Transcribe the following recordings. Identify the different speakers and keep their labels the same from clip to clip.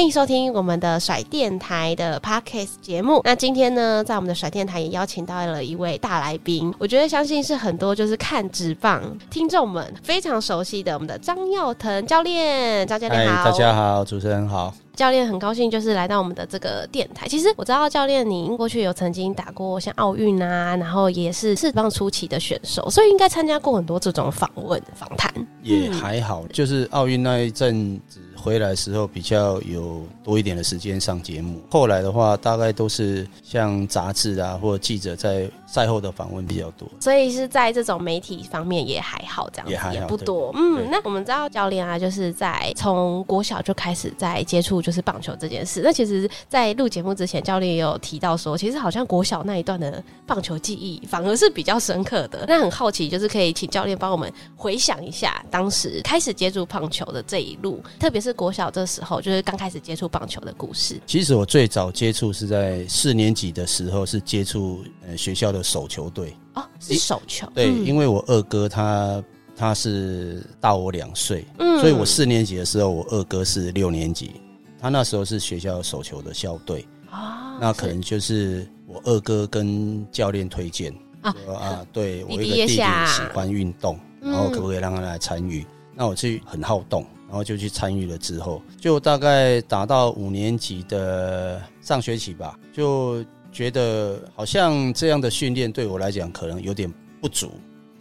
Speaker 1: 歡迎收聽我們的甩電台的 Podcast 節目。那今天呢，在我們的甩電台也邀請到了一位大來賓，我覺得相信是很多就是看職棒聽眾們非常熟悉的我們的張耀騰教練。張教練好，大家
Speaker 2: 好，主持人好。
Speaker 1: 教練很高興就是來到我們的這個電台。其實我知道教練你過去有曾經打過像奧運啊，然後也是職棒初期的選手，所以應該參加過很多這種訪問訪談。
Speaker 2: 也還好，嗯，就是奧運那一陣子，回來的時候比較有多一點的時間上節目，後來的話大概都是像雜誌啊，或者記者在。賽後的訪問比較多，
Speaker 1: 所以是在這種媒體方面也還好，這樣也還好，也不多。對嗯，對那我們知道教練啊，就是在從國小就開始在接觸就是棒球這件事。那其實，在錄節目之前，教練也有提到說，其實好像國小那一段的棒球記憶反而是比較深刻的。那很好奇，就是可以請教練幫我們回想一下當時開始接觸棒球的這一路，特別是國小這時候，就是剛開始接觸棒球的故事。
Speaker 2: 其實我最早接觸是在四年級的時候，是接觸呃學校的。手球隊
Speaker 1: 啊，哦、是手球對，嗯、因為
Speaker 2: 我二哥他他是大我兩歲，嗯，所以我四年級的時候，我二哥是六年級，他那時候是學校手球的校隊啊，哦、那可能就是我二哥跟教練推薦啊、哦、啊，對，對我一個弟弟喜歡運動，嗯、然後可不可以讓他來參與？那我去很好動，然後就去參與了，之後就大概打到五年級的上學期吧，就。覺得好像這樣的訓練對我來講可能有點不足，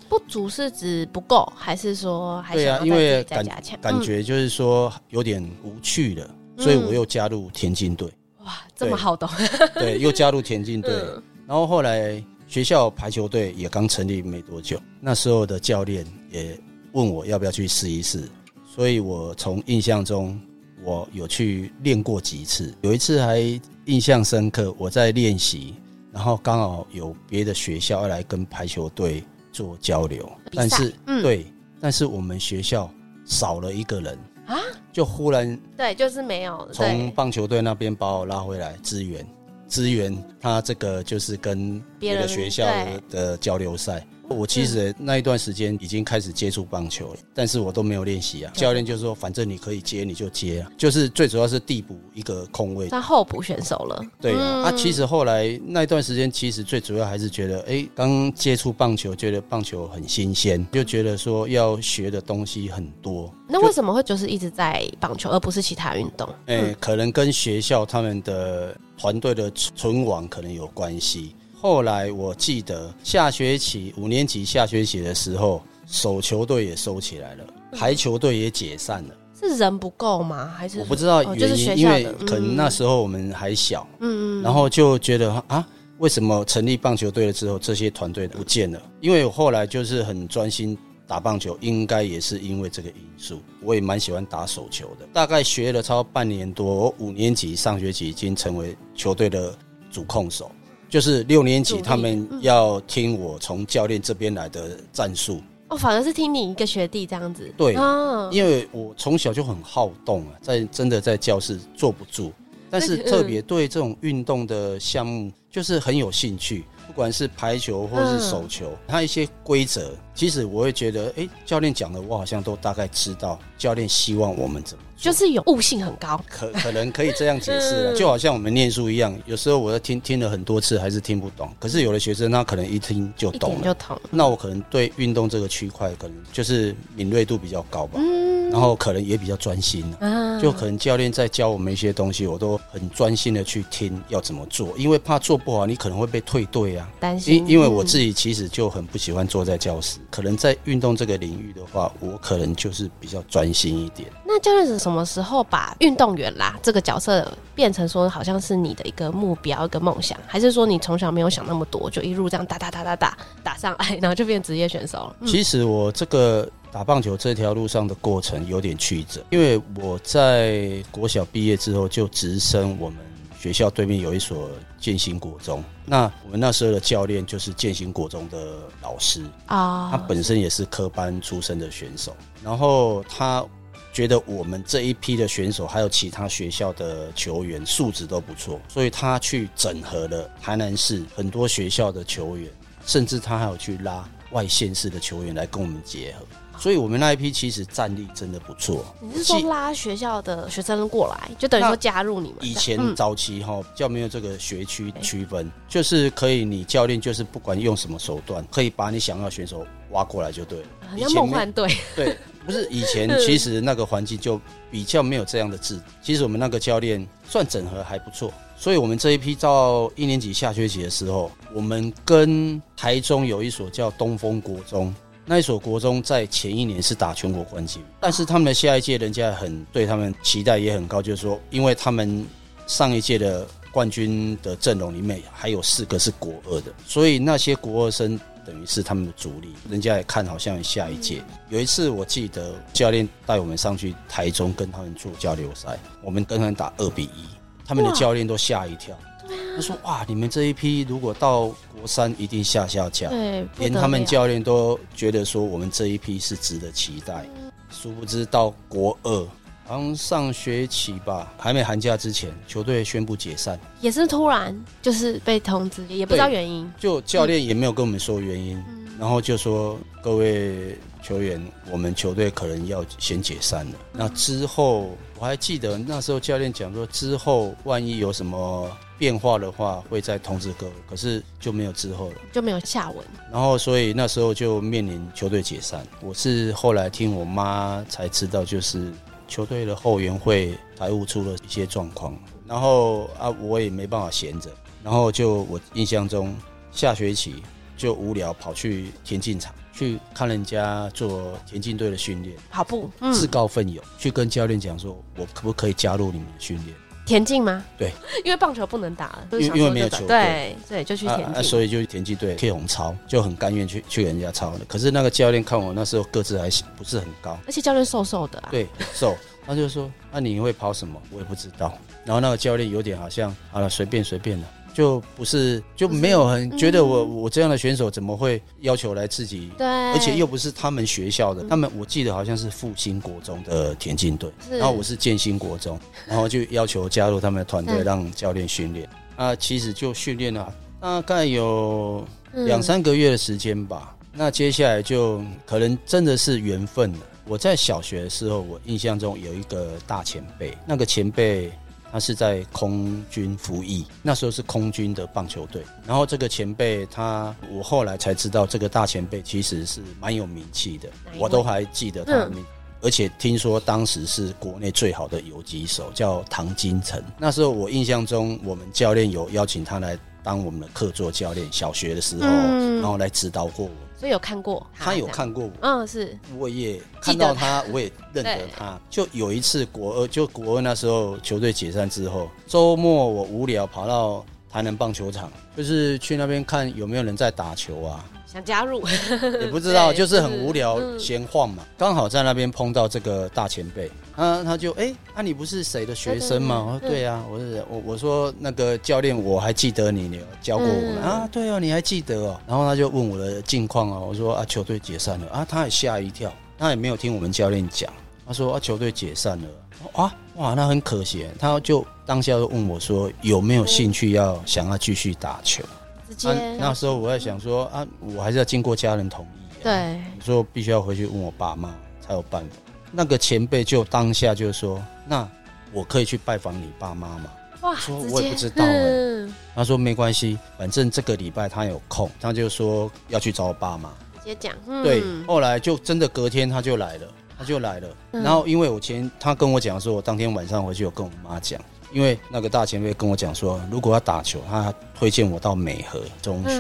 Speaker 1: 不足是指不夠，還是說還？還是、啊、因為感覺感覺
Speaker 2: 就是說有點無趣了，嗯、所以我又加入田徑隊。
Speaker 1: 哇，這麼好懂！
Speaker 2: 對，對，又加入田徑隊，嗯、然後後來學校排球隊也剛成立沒多久，那時候的教練也問我要不要去試一試，所以我從印象中我有去練過幾次，有一次還。印象深刻，我在練習，然後剛好有別的學校要來跟排球隊做交流，賽但是、嗯、對，但是我們學校少了一個人啊，就忽然
Speaker 1: 對，就是沒有從
Speaker 2: 棒球隊那邊把我拉回來支援對支援他這個就是跟別的學校的交流賽。我其實那一段時間已經開始接觸棒球了，但是我都沒有練習啊。對教練就是說，反正你可以接你就接，啊，就是最主要是遞補一個空位。那
Speaker 1: 候補選手了。對啊，那、嗯啊、其實
Speaker 2: 後來那一段時間，其實最主要還是覺得，哎、欸，剛接觸棒球，覺得棒球很新鮮，就覺得說要學的東西很多。
Speaker 1: 那為什麼會就是一直在棒球，而不是其他運動？
Speaker 2: 哎、嗯欸，可能跟學校他們的團隊的存亡可能有關係。後來我記得下學期，五年級下學期的時候，手球隊也收起來了，排球隊也解散了。
Speaker 1: 是人不夠嗎？還是我不知道原因，因為可能那時
Speaker 2: 候我們還小。嗯嗯。然後就覺得啊，為什麼成立棒球隊了之後，這些團隊不見了？因為我後來就是很專心打棒球，應該也是因為這個因素。我也蠻喜歡打手球的，大概學了超半年多。我五年級上學期已經成為球隊的主控手。就是六年級，他們要聽我從教練這邊來的戰術。
Speaker 1: 哦，反而是聽你一個學弟這樣子。對，因
Speaker 2: 為我從小就很好動啊，在真的在教室坐不住，但是特別對這種運動的項目就是很有興趣。不管是排球或是手球，它、嗯、一些規則，其實我會覺得，哎、欸，教練講的我好像都大概知道。教練希望我們怎麼做。
Speaker 1: 就是有悟性很高。
Speaker 2: 可可能可以這樣解釋了，嗯、就好像我們念書一樣，有時候我在聽聽了很多次還是聽不懂，可是有的學生他可能一聽就懂了，就懂。那我可能對運動這個區塊，可能就是敏銳度比較高吧，嗯、然後可能也比較專心、啊、就可能教練在教我們一些東西，我都很專心的去聽要怎麼做，因為怕做不好，你可能會被退隊啊。擔心因，因為我自己其實就很不喜歡坐在教室。嗯、可能在運動這個領域的話，我可能就是比較專心一點。
Speaker 1: 那教練是什麼時候把運動員啦這個角色變成說好像是你的一個目標、一個夢想，還是說你從小沒有想那麼多，就一路這樣打打打打打打上來，然後就變職業選手、嗯、其
Speaker 2: 實我這個打棒球這條路上的過程有點曲折，因為我在國小畢業之後就直升我們。學校對面有一所建興國中，那我們那時候的教練就是建興國中的老師啊，oh, 他本身也是科班出身的選手，然後他覺得我們這一批的選手還有其他學校的球員素質都不錯，所以他去整合了台南市很多學校的球員，甚至他還有去拉外縣市的球員來跟我們結合。所以我們那一批其實戰力真的不錯。
Speaker 1: 你是說拉學校的學生過來，就等於說加入你們？以前早
Speaker 2: 期哈，嗯、比較沒有這個學區區分，欸、就是可以你教練就是不管用什麼手段，可以把你想要的選手挖過來就對了。像夢幻
Speaker 1: 隊，對，
Speaker 2: 不是以前其實那個環境就比較沒有這樣的制度。嗯、其實我們那個教練算整合還不錯，所以我們這一批到一年級下學期的時候，我們跟台中有一所叫東風國中。那一所國中在前一年是打全國冠軍，但是他們的下一屆人家很對他們期待也很高，就是說，因為他們上一屆的冠軍的陣容裡面還有四個是國二的，所以那些國二生等於是他們的主力，人家也看好像下一屆。有一次我記得教練帶我們上去台中跟他們做交流賽，我們跟他們打二比一，他們的教練都嚇一跳。他說：“哇，你們這一批如果到國三，一定下下架。”對，連他們教練都覺得說，我們這一批是值得期待。嗯、殊不知，到國二，好像上學期吧，還沒寒假之前，球隊宣布解散，
Speaker 1: 也是突然，就是被通知，也不知道原因。就教練
Speaker 2: 也沒有跟我們說原因。嗯”嗯然後就說各位球員，我們球隊可能要先解散了。那之後我還記得那時候教練講說，之後萬一有什麼變化的話，會再通知各位。可是就沒有之後了，
Speaker 1: 就沒有下文。
Speaker 2: 然後所以那時候就面臨球隊解散。我是後來聽我媽才知道，就是球隊的後援會財務出了一些狀況。然後啊，我也沒辦法閒着。然後就我印象中下學期。就無聊，跑去田徑場去看人家做田徑隊的訓練，跑
Speaker 1: 步，自告
Speaker 2: 奮勇去跟教練講說：“我可不可以加入你們的訓練？”
Speaker 1: 田徑嗎？對，因為棒球不能打了，因為沒有球。對對，對，就去田徑、啊啊。所
Speaker 2: 以就田徑隊，可以紅超就很甘願去去人家超的。可是那個教練看我那時候個子還不是很高，
Speaker 1: 而且教練瘦瘦的、啊。
Speaker 2: 對， 瘦。他就說：“那、啊、你會跑什麼？”我也不知道。然後那個教練有點好像，好、啊、了，隨便隨便了就不是，就沒有很覺得我、嗯、我這樣的選手怎麼會要求來自己？對，而且又不是他們學校的，嗯、他們我記得好像是復興國中的田徑隊，是然後我是建興國中，然後就要求加入他們的團隊，讓教練訓練。是那其實就訓練了大概有兩三個月的時間吧。嗯、那接下來就可能真的是緣分了。我在小學的時候，我印象中有一個大前輩，那個前輩。他是在空軍服役，那時候是空軍的棒球隊。然後這個前輩，他我後來才知道，這個大前輩其實是蠻有名氣的，我都還記得他的名。嗯。而且聽說當時是國內最好的游擊手，叫唐金城。那時候我印象中，我們教練有邀請他來當我們的客座教練，小學的時候，然後來指導過我。
Speaker 1: 所以有看過，他有看過，嗯，是，
Speaker 2: 我也看到他，我也認得他。就有一次國二，就國二那時候球隊解散之後，周末我無聊跑到。台南棒球場，就是去那邊看有沒有人在打球啊，
Speaker 1: 想加入， 也不知道，對就是很無聊
Speaker 2: 閒晃嘛。剛、嗯嗯、好在那邊碰到這個大前輩，嗯、啊，他就哎，那、欸啊、你不是誰的學生嗎？啊、對我說對啊，嗯、我是我，我說那個教練我還記得你，你有教過我、嗯、啊，對哦、啊，你還記得哦、喔。然後他就問我的近況啊、喔，我說啊，球隊解散了啊，他也嚇一跳，他也沒有聽我們教練講，他說啊，球隊解散了啊。哇，那很可惜，他就當下就問我說：“有沒有興趣要想要繼續打球、啊？”那時候我在想說、嗯、啊，我還是要經過家人同意、啊。對，說必須要回去問我爸媽才有辦法。那個前輩就當下就說：“那我可以去拜訪你爸媽嗎？”
Speaker 1: 哇，說我也不知道哎。嗯、
Speaker 2: 他說沒關係，反正這個禮拜他有空，他就說要去找我爸媽。直
Speaker 1: 接講，嗯、
Speaker 2: 對。後來就真的隔天他就來了。他就來了，然後因為我前他跟我講說，我當天晚上回去有跟我媽講，因為那個大前輩跟我講說，如果他打球，他。推薦我到美和中學，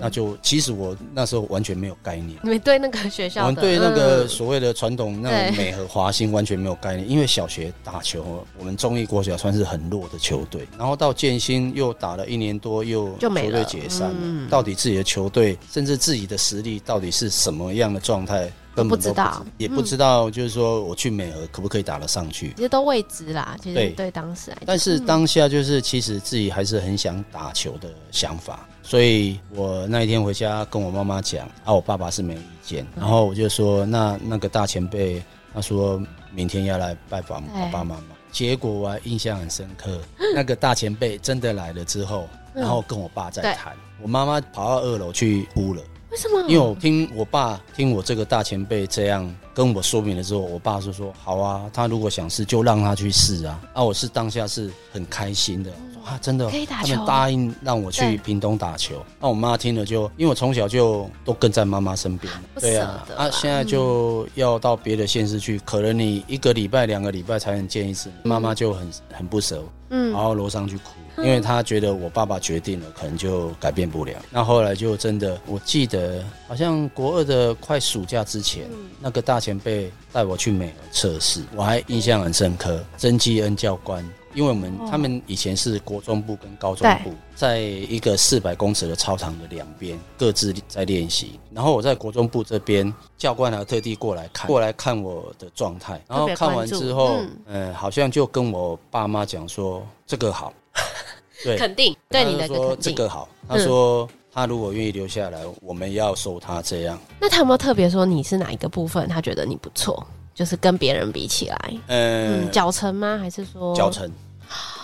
Speaker 2: 那就其實我那時候完全沒有概念。
Speaker 1: 我們對那個學校、嗯、對那個
Speaker 2: 所謂的傳統那種美和華興完全沒有概念，因為小學打球，我們中醫國小算是很弱的球隊。然後到建新又打了一年多，又球隊解散了。到底自己的球隊，甚至自己的實力，到底是什麼樣的狀態？根本不知道，也不知道，就是說我去美和可不可以打得上去？其
Speaker 1: 實都未知啦。其實對當時，但是當
Speaker 2: 下就是其實自己還是很想打球。我的想法，所以我那一天回家跟我媽媽講，啊，我爸爸是沒有意見，然後我就說，那那個大前輩，他說明天要來拜訪我爸爸媽媽，對結果我還印象很深刻，那個大前輩真的來了之後，然後跟我爸在談，嗯、我媽媽跑到二樓去哭了。為什麼？因為我聽我爸聽我這個大前輩這樣跟我說明了之後，我爸就說：“好啊，他如果想試，就讓他去試啊。啊”那我是當下是很開心的，嗯、啊，真的可以打球，他們答應讓我去屏東打球。那對、啊、我媽聽了就，因為我從小就都跟在媽媽身邊，對啊，啊，現在就要到別的縣市去，嗯、可能你一個禮拜、兩個禮拜才能見一次，媽媽就很很不捨，嗯，然後樓上去哭。因為他覺得我爸爸決定了，可能就改變不了。那後來就真的，我記得好像國二的快暑假之前，嗯、那個大前輩帶我去美和測試，我還印象很深刻。曾紀恩教官，因為我們、哦、他們以前是國中部跟高中部，對在一個四百公尺的操場的兩邊各自在練習。然後我在國中部這邊，教官還特地過來看過來看我的狀態，然後看完之後，嗯、呃，好像就跟我爸媽講說，這個好。 對，肯
Speaker 1: 定對你的肯定。這
Speaker 2: 個好，嗯、他說他如果願意留下來，我們要收他這樣。
Speaker 1: 那他有沒有特別說你是哪一個部分？他覺得你不錯，就是跟別人比起來，
Speaker 2: 嗯，腳、嗯、
Speaker 1: 程嗎？還是說腳程？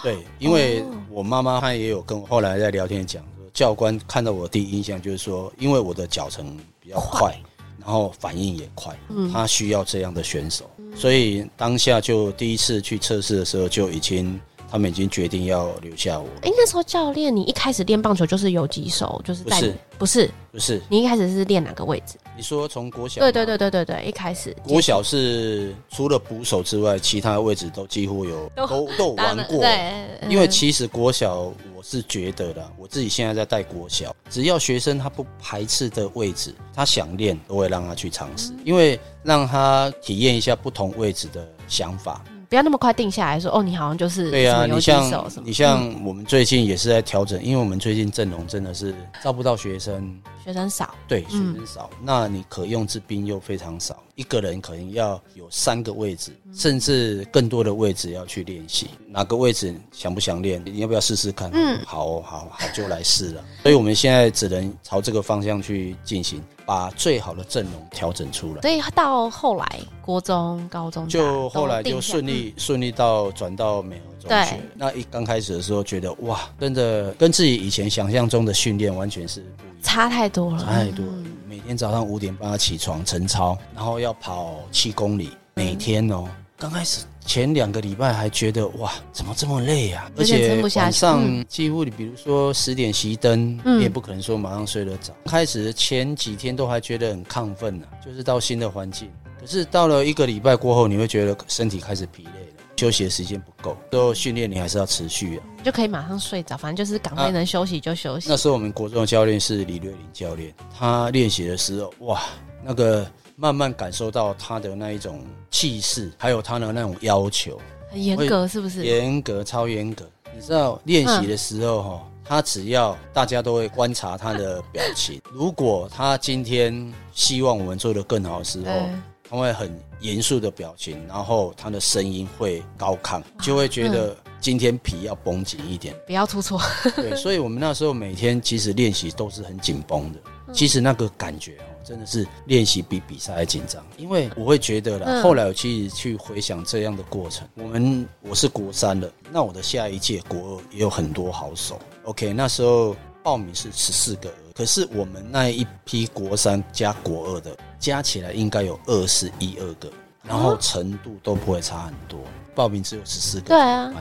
Speaker 2: 對，因為我媽媽她也有跟我後來在聊天講，教官看到我的第一印象就是說，因為我的腳程比較快，然後反應也快，他壞需要這樣的選手，嗯、所以當下就第一次去測試的時候就已經。他們已經決定要留下我。
Speaker 1: 哎、欸，那時候教練，你一開始練棒球就是游擊手，就是帶，不是不是不是，不是你一開始是練哪個位置？
Speaker 2: 你說從國小？對對
Speaker 1: 對對對對，一開始國小
Speaker 2: 是除了捕手之外，其他位置都幾乎有都都玩過。對，因為其實國小我是覺得啦，我自己現在在帶國小，只要學生他不排斥的位置，他想練都會讓他去嘗試，嗯、因為讓他體驗一下不同位置的想法。不
Speaker 1: 要那麼快定下來說哦，你好像就是對呀、啊。你像麼你像
Speaker 2: 我們最近也是在調整，因為我們最近陣容真的是招不到學生，
Speaker 1: 學生少。對，學生少。嗯、
Speaker 2: 那你可用之兵又非常少，一個人可能要有三個位置，嗯、甚至更多的位置要去練習。哪個位置想不想練？你要不要試試看？嗯，好、哦、好、哦、好，就來試了。所以我們現在只能朝這個方向去進行。把最好的陣容調整出來，所
Speaker 1: 以到後來，國中、高中就後來就順利
Speaker 2: 順、嗯、利到轉到美和中學。對那一剛開始的時候，覺得哇，真的跟自己以前想象中的訓練完全是不一
Speaker 1: 樣，差太多了，差太多了。嗯、
Speaker 2: 每天早上五點半要起床晨操，然後要跑七公里，嗯、每天哦、喔。剛開始。前兩個禮拜還覺得哇，怎麼這麼累啊？而且晚上幾乎你比如說十點熄燈，你也不可能說馬上睡得着。開始前幾天都還覺得很亢奮呢，就是到新的環境。可是到了一個禮拜過後，你會覺得身體開始疲累了，休息的時間不夠。之後訓練你還是要持續啊，
Speaker 1: 就可以馬上睡着，反正就是趕快能休
Speaker 2: 息就休息。那時候我們國中的教練是李瑞麟教練，他練習的時候哇，那個。慢慢感受到他的那一種氣勢，還有他的那種要求，
Speaker 1: 很嚴格，格是不是？嚴
Speaker 2: 格，超嚴格。你知道練習的時候哈，嗯、他只要大家都會觀察他的表情， 如果他今天希望我們做得更好的時候，欸、他會很嚴肅的表情，然後他的聲音會高亢，哇就會覺得今天皮要繃緊一點，
Speaker 1: 不要出錯。對，所
Speaker 2: 以我們那時候每天其實練習都是很緊繃的。其實那個感覺哦，真的是練習比比賽還緊張，因為我會覺得啦。後來我其實，去回想這樣的過程，我們我是國三的，那我的下一屆國二也有很多好手。OK，那時候報名是十四個，可是我們那一批國三加國二的加起來應該有二十一二個，然後程度都不會差很多。報名只有十四個。對
Speaker 1: 啊，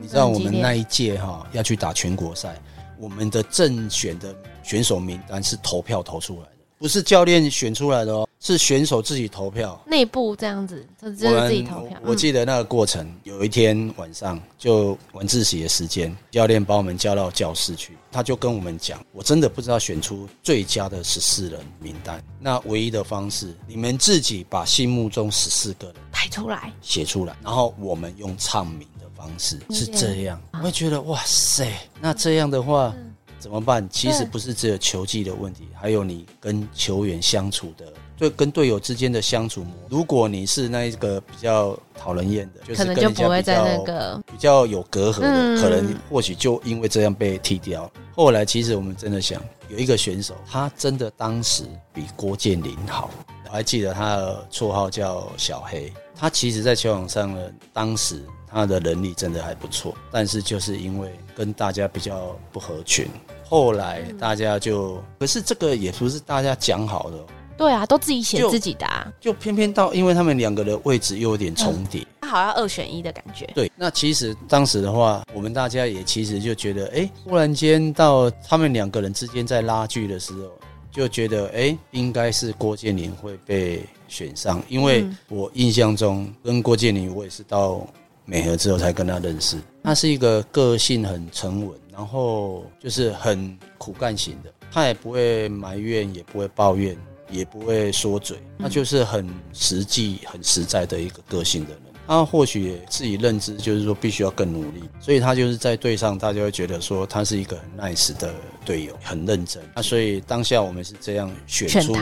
Speaker 1: 你知道我們那一
Speaker 2: 屆哈、哦、要去打全國賽，我們的正選的。選手名單是投票投出來的，不是教練選出來的哦、喔，是選手自己投票。
Speaker 1: 內部這樣子，他、就是、自己投票。我，嗯、我
Speaker 2: 記得那個過程，有一天晚上就晚自習的時間，教練把我們叫到教室去，他就跟我們講：“我真的不知道選出最佳的十四人名單，那唯一的方式，你們自己把心目中十四個人排出來，寫出來，然後我們用唱名的方式是這樣。Okay ”我會覺得哇塞，那這樣的話。嗯怎麼辦？其實不是只有球技的問題，對還有你跟球員相處的，對，跟隊友之間的相處模。如果你是那一個比較討人厭的，就是、跟人家比較可能就不會在那個比較有隔閡的，嗯、可能或許就因為這樣被剃掉了。後來，其實我們真的想有一個選手，他真的當時比郭建霖好。我還記得他的綽號叫小黑，他其實，在球場上呢，當時。他的能力真的還不錯，但是就是因為跟大家比較不合群，後來大家就、嗯、可是這個也不是大家講好的，
Speaker 1: 對啊，都自己寫自己的啊
Speaker 2: 就，就偏偏到因為他們兩個的位置又有點重疊，他、嗯、
Speaker 1: 好像二選一的
Speaker 2: 感覺。對，那其實當時的話，我們大家也其實就覺得，哎、欸，突然間到他們兩個人之間在拉鋸的時候，就覺得哎、欸，應該是郭建霖會被選上，因為我印象中跟郭建霖我也是到。美和之後才跟他認識，他是一個個性很沉穩，然後就是很苦幹型的，他也不會埋怨，也不會抱怨，也不會說嘴，他就是很實際、很實在的一個個性的人。他或許自己認知就是說必須要更努力，所以他就是在隊上，大家會覺得說他是一個很 nice 的隊友，很認真。那所以當下我們是這樣選出，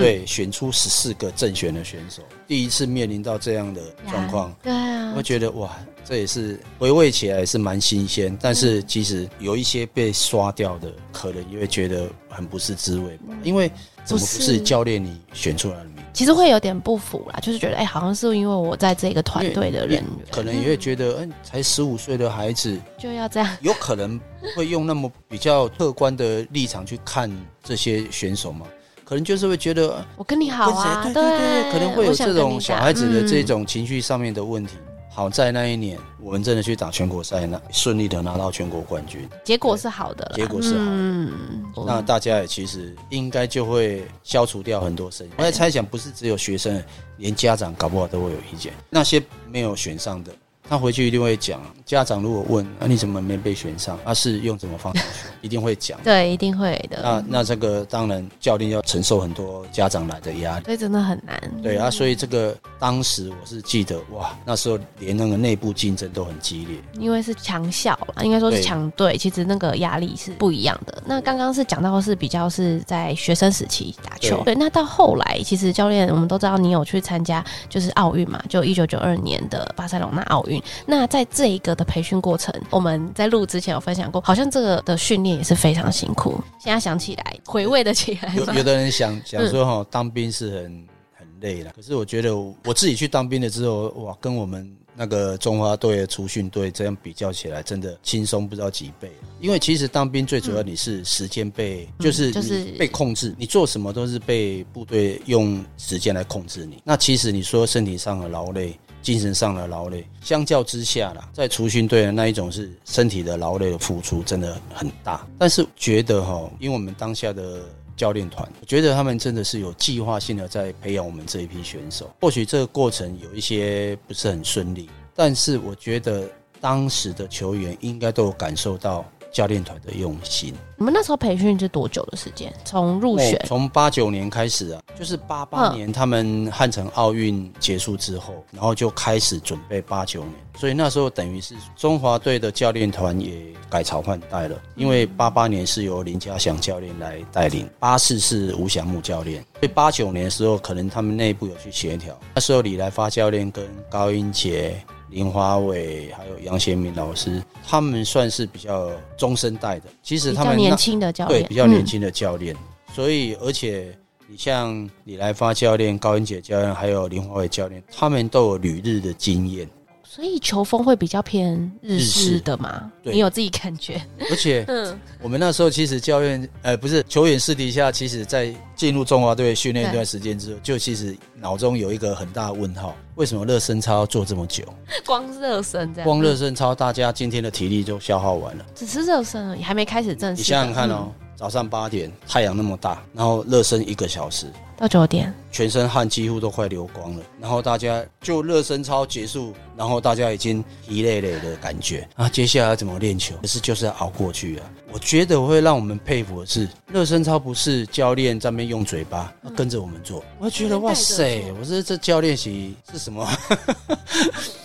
Speaker 2: 對，選出十四個正選的選手，第一次面臨到這樣的狀況，對啊，我覺得哇，這也是回味起來是蠻新鮮。但是其實有一些被刷掉的，可能也會覺得很不是滋味，因為怎麼不是教練你選出來的？
Speaker 1: 其實會有點不服啦，就是覺得哎、欸，好像是因為我在這個團隊的人，
Speaker 2: 可能也會覺得，嗯，欸、才十五歲的孩子就要這樣，有可能會用那麼比較客觀的立場去看這些選手嘛， 可能就是會覺得我跟你
Speaker 1: 好啊，對對，對，對對，可能會有這種小孩子的這
Speaker 2: 種情緒上面的問題。好在那一年，我們真的去打全國賽，那順利的拿到全國冠軍。結果，
Speaker 1: 結果是好的，結果是好的。
Speaker 2: 嗯，那大家也其實應該就會消除掉很多聲音。嗯、我在猜想，不是只有學生，連家長搞不好都會有意見。那些沒有選上的。他、啊、回去一定會講，家長如果問啊你怎麼沒被選上，啊是用什麼方式， 一定會講。對，
Speaker 1: 一定會的。那那
Speaker 2: 這個當然教練要承受很多家長來的壓力，所以真的很難。對啊，所以這個當時我是記得哇，那時候連那個內部競爭都很激烈，
Speaker 1: 因為是強校應該說是強隊。對其實那個壓力是不一樣的。那剛剛是講到的是比較是在學生時期打球，對,對。那到後來其實教練我們都知道，你有去參加就是奧運嘛，就一九九二年的巴塞隆納奧運。那在這一個的培訓過程，我們在錄之前有分享過，好像這個的訓練也是非常辛苦。現在想起來，回味的起來有有，有的
Speaker 2: 人想想說哈，當兵是很很累了。可是我覺得我,我自己去當兵了之後，哇，跟我們那個中華隊的儲訓隊這樣比較起來，真的輕鬆不知道幾倍。因為其實當兵最主要你是時間被，嗯、就是就是被控制，你做什麼都是被部隊用時間來控制你。那其實你說身體上的勞累。精神上的勞累，相較之下啦，在儲訓隊的那一種是身體的勞累的付出真的很大，但是覺得吼，因為我們當下的教練團，我覺得他們真的是有計劃性的在培養我們這一批選手，或許這個過程有一些不是很順利，但是我覺得當時的球員應該都有感受到。教練團的用心。
Speaker 1: 我們那時候培訓是多久的時間？從入選，
Speaker 2: 從八九年開始啊，就是八八年、嗯、他們漢城奧運結束之後，然後就開始準備八九年，所以那時候等於是中華隊的教練團也改朝換代了，嗯、因為八八年是由林家祥教練來帶領，八四是吳祥木教練，所以八九年的時候可能他們內部有去協調，那時候李來發教練跟高英杰。林華偉，還有楊賢明老師，他們算是比較中生代的。其實他們年輕的教練，對，比較年輕的教練。教嗯、所以，而且你像李來發教練、高英傑教練，還有林華偉教練，他們都有旅日的經驗。
Speaker 1: 所以球風會比較偏日式的
Speaker 2: 嘛？是是，對，你有
Speaker 1: 自己感覺。
Speaker 2: 而且，嗯，我們那時候其實教練，呃，不是球員私底下，其實，在進入中華隊訓練一段時間之後，對就其實腦中有一個很大的問號：為什麼熱身操要做這麼久？
Speaker 1: 光熱身在，光熱身
Speaker 2: 操，大家今天的體力就消耗完了。
Speaker 1: 只是熱身而已，還沒開始正式。你想想看
Speaker 2: 哦。早上八點，太陽那麼大，然後熱身一個小時到九點，全身汗幾乎都快流光了。然後大家就熱身操結束，然後大家已經疲累累的感覺啊。接下來要怎麼練球？可是就是要熬過去啊。我覺得會讓我們佩服的是熱身操，不是教練在那邊用嘴巴跟着我們做，我覺得哇塞，我說這教練席是什麼？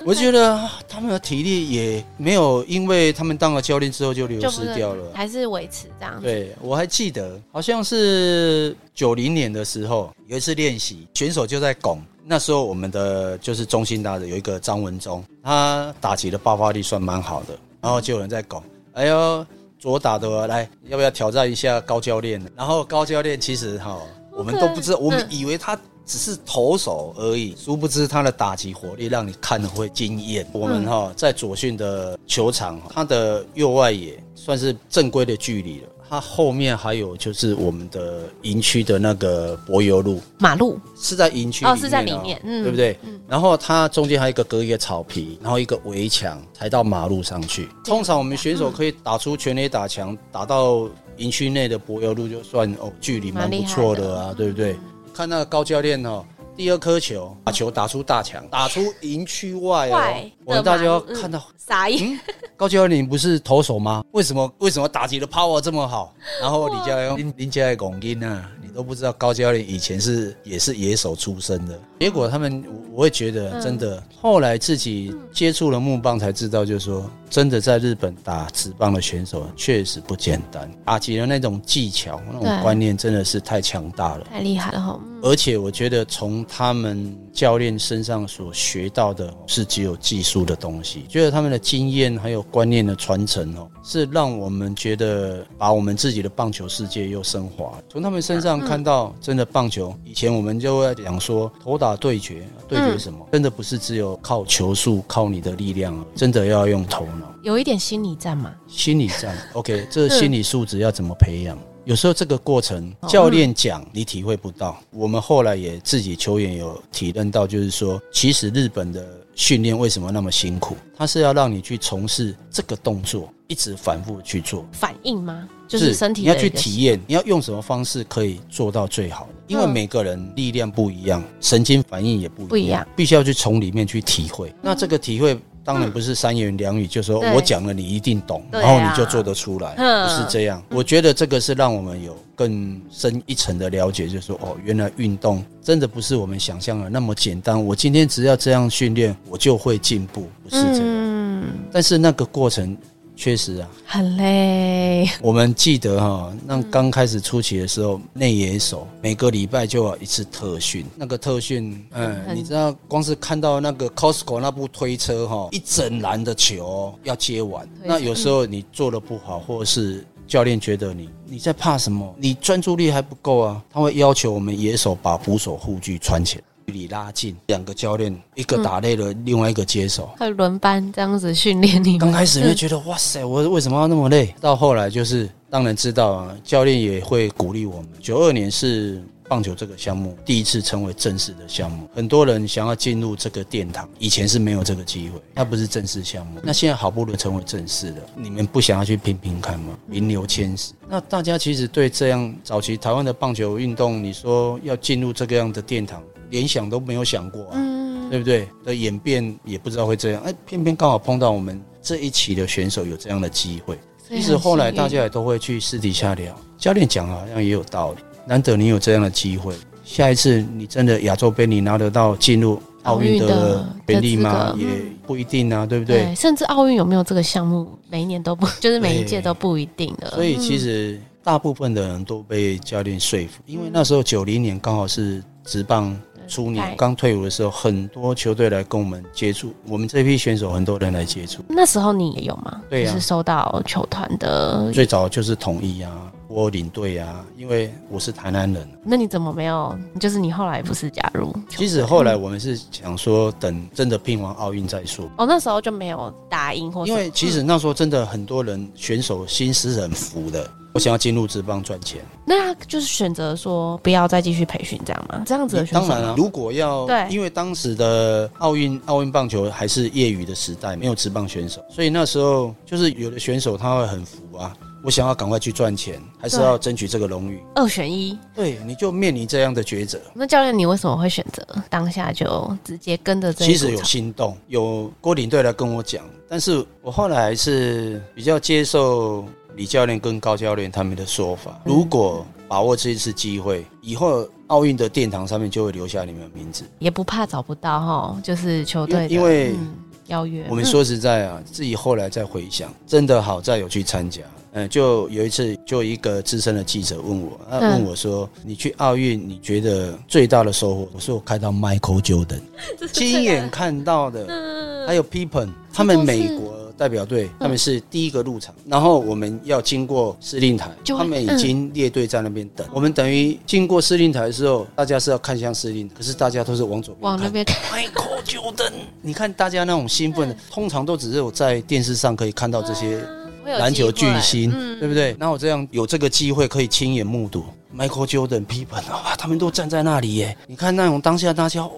Speaker 2: 我覺得他們的體力也沒有，因為他們當了教練之後就流失掉了，
Speaker 1: 還是維持這樣。對，
Speaker 2: 我還記得，好像是九零年的時候有一次練習，選手就在拱。那時候我們的就是中興大的有一個張文宗，他打擊的爆發力算蠻好的，然後就有人在拱，哎呦。左打的來，要不要挑戰一下高教練？然後高教練其實哈，okay, 我們都不知道，嗯、我們以為他只是投手而已，殊不知他的打擊火力讓你看了會驚艷。我們哈在左訓的球場，他的右外野算是正規的距離了。它後面還有就是我們的營區的那個柏油路，馬路是在營區、喔、哦，是在裡面，嗯、對不對？嗯、然後它中間還有一個隔一個草皮，然後一個圍牆抬到馬路上去。通常我們選手可以打出全壘打牆，打到營區內的柏油路就算哦，距離蠻不錯的啊，的對不對？看那個高教練哦、喔。第二顆球，把球打出大牆，oh. 打出營區外、喔、壞我們大家
Speaker 1: 看到撒、嗯、意、嗯、
Speaker 2: 高教練不是投手嗎？為什麼為什麼打擊的 power 這麼好？然後李教練林家愛拱英啊，你都不知道高教練以前是也是野手出身的。嗯、結果他們我，我會覺得、嗯、真的，後來自己接觸了木棒才知道，就是說，真的在日本打職棒的選手確實不簡單。打擊的那種技巧、對那種觀念，真的是太強大了，太
Speaker 1: 厲害了齁！
Speaker 2: 而且我覺得從他們教練身上所學到的是只有技術的東西，覺得他們的經驗還有觀念的傳承哦、喔，是讓我們覺得把我們自己的棒球世界又升華。從他們身上看到，真的棒球以前我們就會講說投打對決，對決是什麼？真的不是只有靠球速、靠你的力量，真的要用頭腦，
Speaker 1: 有一點心理戰嘛？
Speaker 2: 心理戰，OK，這心理素質要怎麼培養？有時候這個過程，教練講你體會不到。哦嗯、我們後來也自己球員有體認到，就是說，其實日本的訓練為什麼那麼辛苦？他是要讓你去從事這個動作，一直反覆去做反
Speaker 1: 應嗎？就是身體是你要去體
Speaker 2: 驗，你要用什麼方式可以做到最好？因為每個人力量不一樣，神經反應也不一樣，一樣必須要去從裡面去體會。那這個體會。嗯當然不是三言兩語，嗯，就說對我講了你一定懂，然後你就做得出來。啊，不是這樣。嗯，我覺得這個是讓我們有更深一層的了解就是，就說哦，原來運動真的不是我們想象的那麼簡單。我今天只要這樣訓練，我就會進步，不是這樣。嗯，但是那個過程。確實啊，
Speaker 1: 很累。
Speaker 2: 我們記得哈，那剛開始初期的時候，那野手每個禮拜就要一次特訓。那個特訓，嗯，你知道，光是看到那個 Costco 那部推車哈，一整籃的球要接完。那有時候你做的不好，或者是教練覺得你你在怕什麼？你專注力還不夠啊。他會要求我們野手把捕手護具穿起來。距離拉近，兩個教練，一個打累了，嗯、另外一個接手，
Speaker 1: 他輪班這樣子訓練你們。剛開始會覺得是哇
Speaker 2: 塞，我為什麼要那麼累？到後來就是當然知道啊，教練也會鼓勵我們。九二年是棒球這個項目第一次成為正式的項目，很多人想要進入這個殿堂，以前是沒有這個機會，它不是正式項目。那現在好不容易成為正式的，你們不想要去拼拼看嗎？名留千史。嗯、那大家其實對這樣早期台灣的棒球運動，你說要進入這個樣的殿堂？連想都沒有想過啊，嗯、對不對？的演變也不知道會這樣，哎，偏偏剛好碰到我們這一期的選手有這樣的機會。其實後來大家也都會去私底下聊，教練講好像也有道理。難得你有這樣的機會，下一次你真的亞洲盃你拿得到進入奧運的便利嗎？嗯、也不一定啊，對不對？對，
Speaker 1: 甚至奧運有沒有這個項目，每一年都不對就是每一屆都不一定的。所以其實
Speaker 2: 大部分的人都被教練說服，嗯、因為那時候九零年剛好是職棒。初年剛 Hi 退伍的時候，很多球隊來跟我們接觸，我們這批選手很多人來接觸。
Speaker 1: 那時候你也有嗎？對、啊、就是收到球團的、嗯。最
Speaker 2: 早就是統一啊，我領隊啊，因為我是台南人。
Speaker 1: 那你怎麼沒有？就是你後來不是
Speaker 2: 加入？其實後來我們是想說，等真的拼完奧運再說。
Speaker 1: 哦，那時候就沒有答應，或因為其實
Speaker 2: 那時候真的很多人選手心思很浮的。我想要進入職棒賺錢，
Speaker 1: 那他就是選擇說不要再繼續培訓，這樣嗎？這樣子的選擇當然了，啊。如果
Speaker 2: 要對，因為當時的奧運奧運棒球還是業餘的時代，沒有職棒選手，所以那時候就是有的選手他會很服啊。我想要趕快去賺錢，還是要爭取這個榮譽？二選一，對，你就面臨這樣的抉擇。
Speaker 1: 那教練，你為什麼會選擇當下就直接跟着？其實有
Speaker 2: 心動，有郭領隊來跟我講，但是我後來是比較接受。李教練跟高教練他們的說法，如果把握這一次機會，以後奧運的殿堂上面就會留下你們的名字，
Speaker 1: 也不怕找不到哈、哦，就是球隊因為、啊嗯、邀約。我們說
Speaker 2: 實在啊，自己後來再回想，真的好在有去參加。嗯，就有一次，就一個資深的記者問我，他問我說：“嗯、你去奧運，你覺得最大的收穫？”我說：“我看到 Michael Jordan，親眼看到的，還有 Pippen 他們美國。”代表隊他們是第一個入場，嗯、然後我們要經過司令台，就他們已經列隊在那邊等。嗯、我們等於經過司令台的時候，大家是要看向司令，可是大家都是往左邊。
Speaker 1: 往那邊，Michael Jordan，
Speaker 2: 你看大家那種興奮的，嗯、通常都只是我在電視上可以看到這些籃球巨星，嗯、對不對？那我這樣有這個機會可以親眼目睹、嗯、Michael Jordan，People 他們都站在那裡耶，你看那種當下大家哇。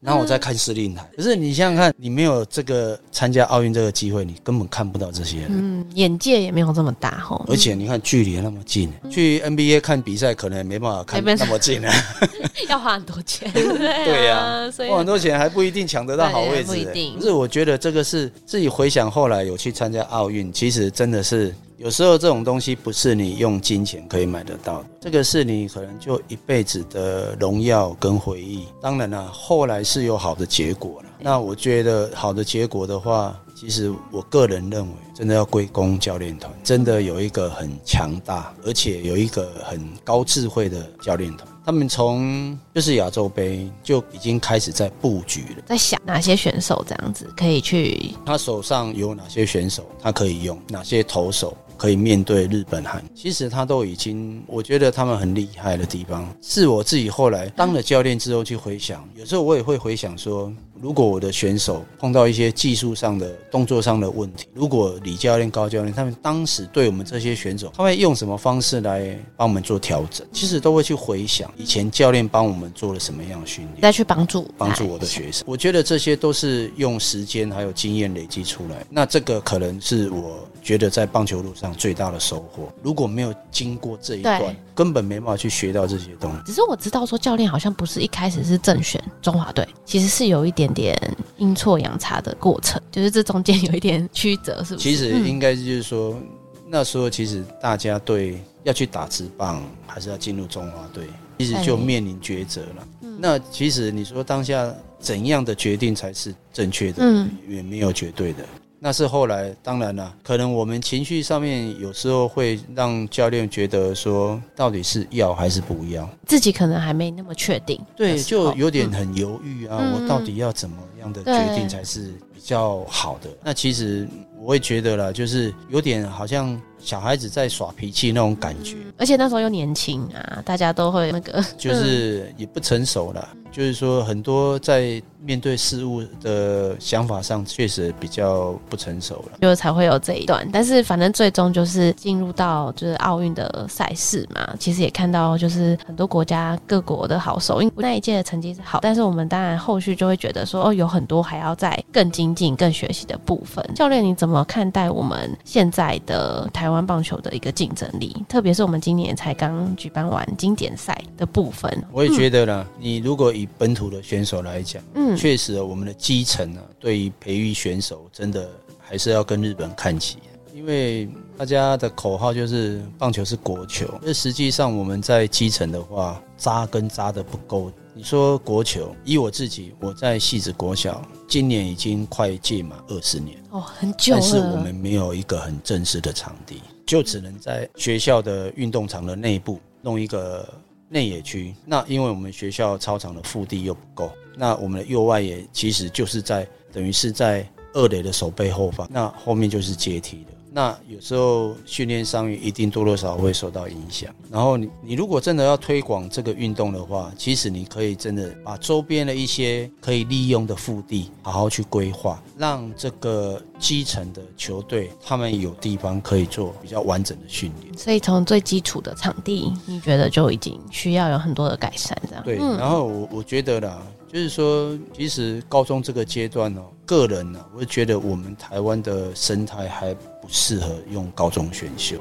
Speaker 2: 然後我再看司令台，嗯、可是你想想看，你沒有這個參加奧運這個機會，你根本看不到這些人。
Speaker 1: 嗯，眼界也沒有這麼大哦。嗯、而且
Speaker 2: 你看距離那麼近，嗯、去 NBA 看比賽可能也沒辦法看那麼近啊，
Speaker 1: 要花很多錢。對呀，所以花很多
Speaker 2: 錢還不一定搶得到好位置。對對對，不一定。可是，我覺得這個是自己回想後來有去參加奧運，其實真的是。有時候這種東西不是你用金錢可以買得到的，這個是你可能就一輩子的榮耀跟回憶。當然了，後來是有好的結果了。那我覺得好的結果的話。其實我個人認為，真的要歸功教練團，真的有一個很強大，而且有一個很高智慧的教練團。他們從就是亞洲杯就已經開始在布局了，
Speaker 1: 在想哪些選手這樣子
Speaker 2: 可以去。他手上有哪些選手，他可以用哪些投手可以面對日本隊。其實他都已經，我覺得他們很厲害的地方，是我自己後來當了教練之後去回想。有時候我也會回想說，如果我的選手碰到一些技術上的動作上的問題，如果李教練、高教練他們當時對我們這些選手，他會用什麼方式來幫我們做調整？其實都會去回想以前教練幫我們做了什麼樣的訓練，
Speaker 1: 再去幫助幫助我的學
Speaker 2: 生。我覺得這些都是用時間還有經驗累積出來的。那這個可能是我覺得在棒球路上最大的收穫，如果沒有經過這一段，根本，本沒辦法去學到這些東西。
Speaker 1: 只是我知道，說教練好像不是一開始是正選中華隊，其實是有一點點陰錯陽差的過程，就是這中間有一點曲折，是不是？其實應
Speaker 2: 該就是說，嗯、那時候其實大家對要去打職棒，還是要進入中華隊，其實就面臨抉擇了。嗯、那其實你說當下怎樣的決定才是正確的？嗯，也沒有絕對的。那是後來，當然了、啊，可能我們情緒上面有時候會讓教練覺得說，到底是要還是不要，嗯、
Speaker 1: 自己可能還沒那麼確定。對，
Speaker 2: 就有點很猶豫啊，嗯、我到底要怎麼樣的決定才是比較好的？對那其實我會覺得啦，就是有點好像。小孩子在耍脾氣那種感覺、嗯，
Speaker 1: 而且那時候又年輕啊，大家都會那個，就是
Speaker 2: 也不成熟了，嗯、就是說很多在面對事物的想法上確實比較不成熟了，
Speaker 1: 就才會有這一段。但是反正最終就是進入到就是奧運的賽事嘛，其實也看到就是很多國家各國的好手，因為那一屆的成績是好，但是我們當然後續就會覺得說哦，有很多還要再更精進、更學習的部分。教練，你怎麼看待我們現在的台灣？臺灣棒球的一個競爭力，特別是我們今年才剛舉辦完經典賽的部分，我也覺
Speaker 2: 得啦。嗯、你如果以本土的選手來講，嗯，確實我們的基層呢、啊，對於培育選手，真的還是要跟日本看齊、啊。因為大家的口號就是棒球是國球，那實際上我們在基層的話，紮根紮得不的不夠。你說國球，以我自己，我在汐止國小，今年已經快屆滿二十年
Speaker 1: 哦，很久了。但是我們
Speaker 2: 沒有一個很正式的場地，就只能在學校的運動場的內部弄一個內野區。那因為我們學校操場的腹地又不夠，那我們的右外野其實就是在等於是在二壘的手背後方，那後面就是階梯的。那有時候訓練傷員一定多多少少會受到影響。然後你你如果真的要推廣這個運動的話，其實你可以真的把周邊的一些可以利用的腹地好好去規劃，讓這個基層的球隊他們有地方可以做比較完整的訓練。
Speaker 1: 所以從最基礎的場地，你覺得就已經需要有很多的改善這樣。對，然
Speaker 2: 後我我覺得啦。就是說，其實高中這個階段呢、哦，個人呢、啊，我覺得我們台灣的生態還不適合用高中選秀。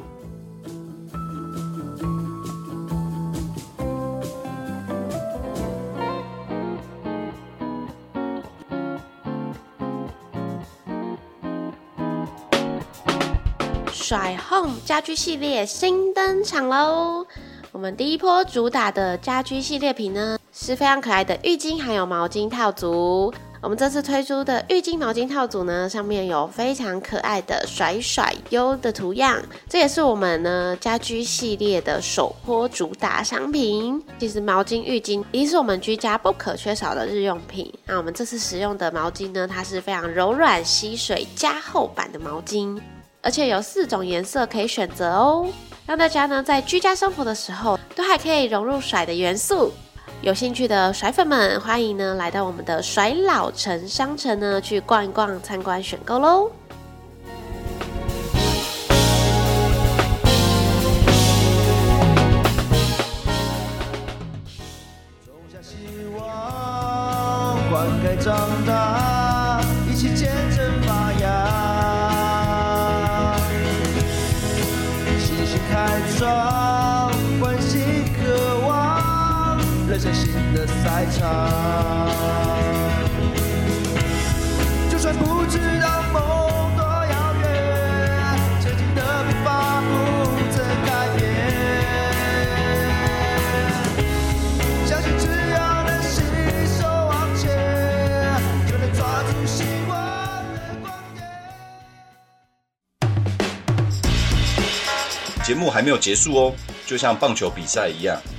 Speaker 1: 甩 Home 家居系列新登場嘍！我們第一波主打的家居系列品呢。是非常可愛的浴巾還有毛巾套組。我們這次推出的浴巾毛巾套組呢，上面有非常可愛的甩甩幽的圖樣，這也是我們呢家居系列的首波主打商品。其實毛巾、浴巾也是我們居家不可缺少的日用品。那我們這次使用的毛巾呢，它是非常柔軟、吸水、加厚版的毛巾，而且有四種顏色可以選擇哦，讓大家呢在居家生活的時候，都還可以融入甩的元素。有興趣的甩粉們，歡迎呢來到我們的甩老城商城呢，去逛一逛，參觀選購嘍，
Speaker 2: 嗯。種下希望，灌，嗯，溉長大，一起見證發芽。細心開創。人生新的賽場，就算不知道夢多遙遠，真心的步伐不曾改變，相信只要能攜手往前，就能抓住希望的光點。節目還沒有結束哦，就像棒球比賽一樣，